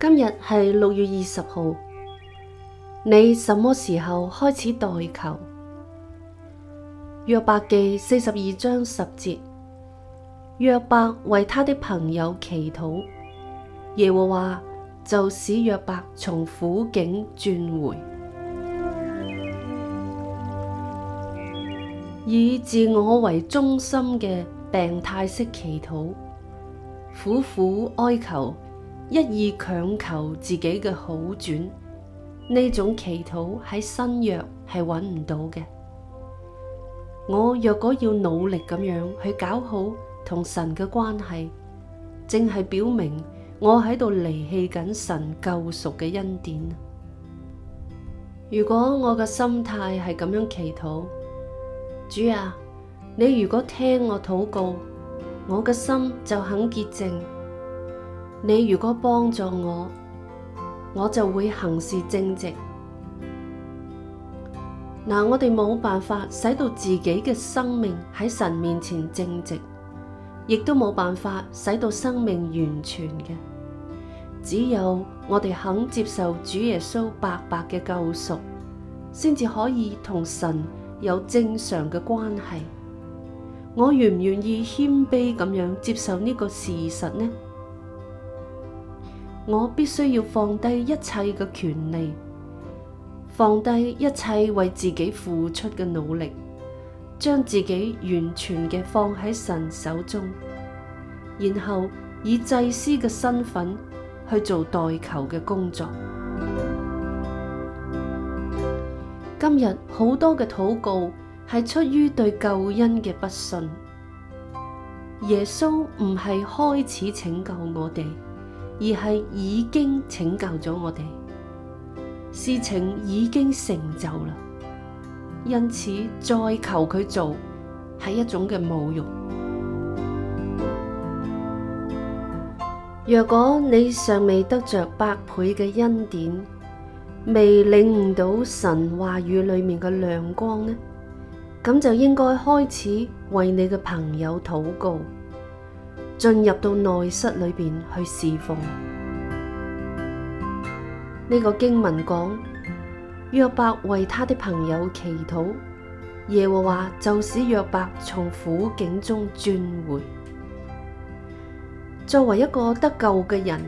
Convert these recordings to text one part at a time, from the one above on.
今日係六月二十號，你什麼時候開始代求？約伯記四十二章十節，約伯為他的朋友祈禱，耶和華就使約伯從苦境轉回。以自我為中心嘅病態式祈禱。苦苦哀求，一意強求自己嘅好轉，呢種祈禱喺新約係揾唔到嘅。我若果要努力咁樣去搞好同神嘅關係，正係表明我喺度離棄緊神救贖嘅恩典。如果我嘅心態係咁樣祈禱，主啊，你如果聽我禱告。我嘅心就肯潔淨，你如果幫助我，我就會行事正直。嗱，我哋冇辦法使到自己嘅生命喺神面前正直，亦都冇辦法使到生命完全嘅。只有我哋肯接受主耶穌白白嘅救贖，先至可以同神有正常嘅關係。我願唔願意謙卑咁樣接受呢個事實呢？我必須要放低一切嘅權利，放低一切為自己付出嘅努力，將自己完全嘅放喺神手中，然後以祭司嘅身份去做代求嘅工作。今日好多嘅禱告。係出於對救恩嘅不信，耶穌唔係開始拯救我哋，而係已經拯救咗我哋，事情已經成就啦。因此再求佢做，係一種嘅侮辱。若果你尚未得着百倍嘅恩典，未領悟到神話語裏面嘅亮光呢，咁就應該開始為你嘅朋友禱告，進入到內室裏邊去侍奉。呢、這個經文講，約伯為他的朋友祈禱，耶和華就使約伯從苦境中轉回。作為一個得救嘅人，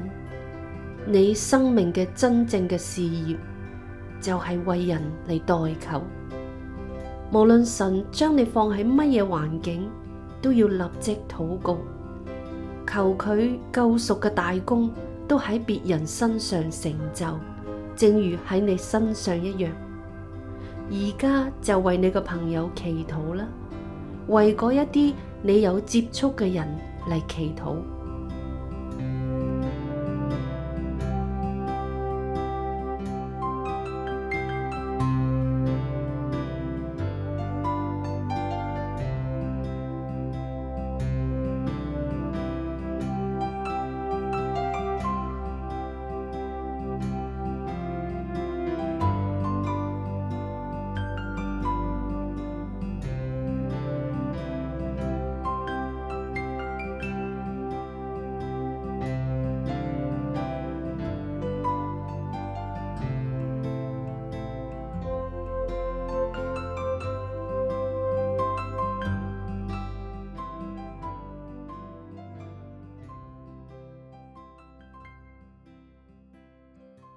你生命嘅真正嘅事業就係為人嚟代求。無論神將你放喺乜嘢環境，都要立即禱告，求佢救贖嘅大功都喺別人身上成就，正如喺你身上一樣。而家就為你嘅朋友祈禱啦，為嗰一啲你有接觸嘅人嚟祈禱。